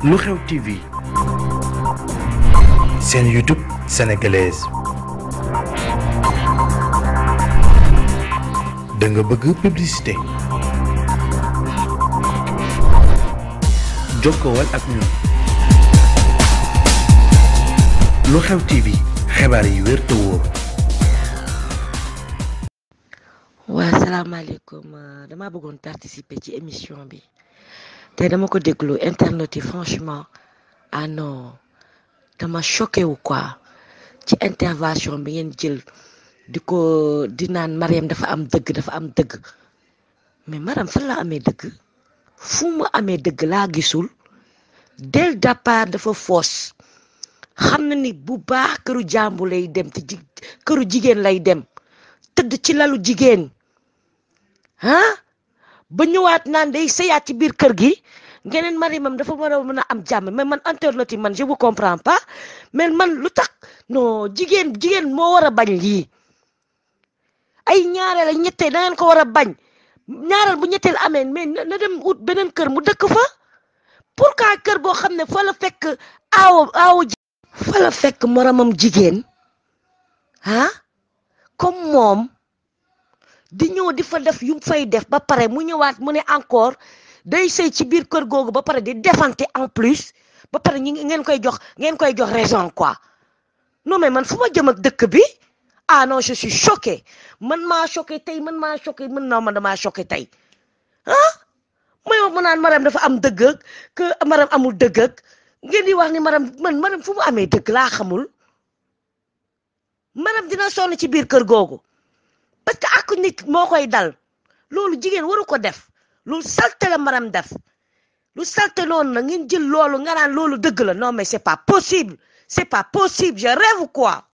lu xew TV seen YouTube sénégalaise da nga bëgg publicité jokkool ak ñun lu xew TV xibaar yi wér te wóor. waa salaamaaleykum euh, damaa bëggoon participer ci émission bi. te dama ko déglu internet yi franchement ah non dama choqué wu quoi ci intervention bi ngeen jël di ko di naan Mariam dafa am dëgg dafa am dëgg mais Mariam fan la amee dëgg fu mu amee dëgg laa gisul del départ dafa fos xam na ni bu baa këru jàmbu lay dem te këru jigéen lay dem tëdd ci lalu jigéen ah ba ñëwaat naan day seyaat ci biir kër gi ngeneen mari mam dafa war a mën a am jàmm mais man internet yi man je vous pa pas man lu tax non jigéen jigéen moo war a bañ lii ay ñaareel ak ñetteel da ngeen ko war a bañ ñaareel bu ñetteel amee mais na dem ut beneen kër mu dëkk fa ka kër boo xam ne fa la fekk aawo aawo fa la fekk moromam jigéen ah comme moom di ñëw di fa def yu mu fay def ba pare mu ñëwaat mu ne encore day sëy ci biir kër googu ba pare di defante en plus ba pare ñi ngeen koy jox ngeen koy jox raison quoi non mais man fu ma jëm ak dëkk bi ah non je suis man maa choqué tey man maa choqué man non man damaa choqué tey ah mooy wax mu naan maram dafa am dëgg ak maram amul dëgg ngeen di wax ni maram man maram fu mu amee dëgg laa xamul maram dina sonn ci biir kër googu. parce que ak nit moo koy dal loolu jigéen waru ko def lu salte la maram def lu salte loolu na ngeen jël loolu nga loolu dëgg la non mais c'est pas possible c'est pas possible je rêve quoi.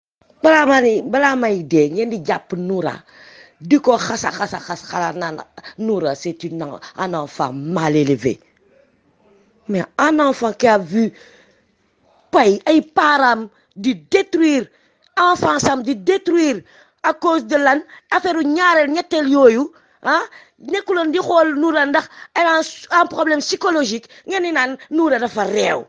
balaa ma ni balaa may dee ngeen di jàpp Noura di ko xasa c'est une enfant mal élevé mais un enfant qui a pay ay di détruire enfant sam di détruire à cause de lan affaire ñaareel ñetteel yooyu ah nekkuloon di xool Noura ndax elle un problème psychologique ngeen ni naan Noura a réew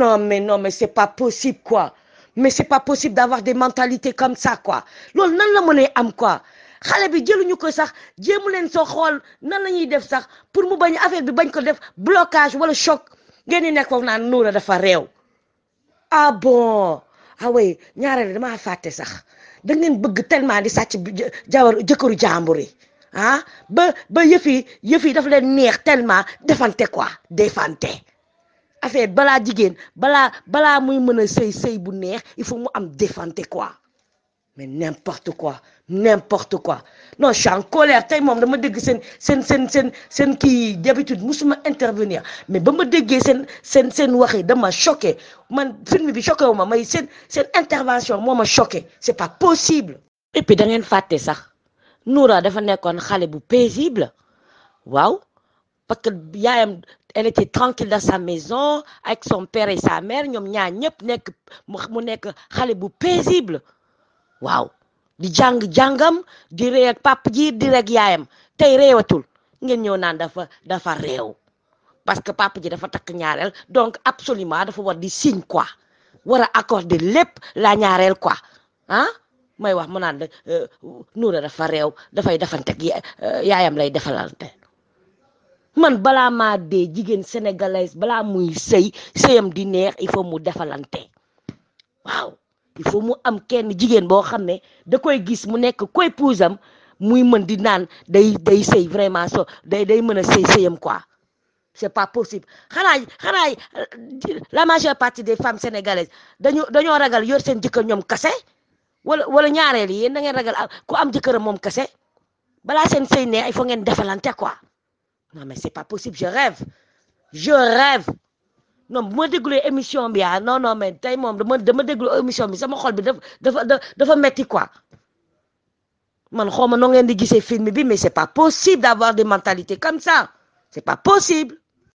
non mais non mais c'est pas possible quoi mais c'est pas possible d'avoir des mentalités comme sa quoi loolu nan la mënee am quoi xale bi jëluñu ko sax jéemu leen soo xool nan la ñuy def sax pour mu bañ affaire bi bañ ko def blocage wala choc ngeen di nekk foofu naan Noura dafa reew ah bon. away ah ñaareel damaa fàtte sax da ngeen bëgg tellement di sàcc jawar jëkkëru jàmbur yi ah ba ba yëf yi yëf yi daf leen neex tellement defante quoi defante affaire balaa jigéen balaa balaa muy mën a sëy sëy bu neex il faut mu am defante quoi mais n'importe quoi n'importe quoi non je en colère tey moom dama dégg seen seen seen sen seen kii d'habitude musuma intervenir mais ba ma déggee seen seen seen wax yi dama choqué man film bi choqué wu ma may seen seen intervention moo ma choqué c'est pas possible. et puis da ngeen fàtte sax Noura dafa nekkoon xale bu paisible waaw parce que yaayam elle était tranquille dans sa maison avec son père et sa mère ñoom ñaar ñëpp nekk mu nekk xale bu paisible. waaw di jàng jàngam di ree ak ji di rek yaayam tey reewatul ngeen ñëw naan dafa dafa réew parce que pap ji dafa takk ñaareel donc absolument dafa war di signe quoi war a accorder lépp la ñaareel quoi ah may wax mu naan euh, nuura dafa réew dafay defanteeg euh, yaayam lay defalante man balaa maa dee jigéen sénégalaise balaa mu sëy seyam di neex il faut mu defalante waaw il faut mu am kenn jigéen boo xam ne da koy gis mu nekk koy puusam muy mën di naan day day sëy vraiment so day day mën a sëy sëyam quoi c'est pas possible xanaa xanaa la majeure partie des femmes sénégalaises dañu dañoo ragal yor seen jëkkër ñoom kase wala wala ñaareel yi yéen da ngeen ragal ku am jëkkëram moom kase balaa seen sëy ne ay faut ngeen defalante quoi mais c'est pas possible je rêve je rêve non bu ma dégluwee émission bi ah non non mais tey moom dama dama déglu émission bi sama xol bi dafa dafa dafa metti quoi man xaw ma noo ngeen di gisee mi bi mais c'est pas possible d'avoir des mentalités comme ça c'est pas possible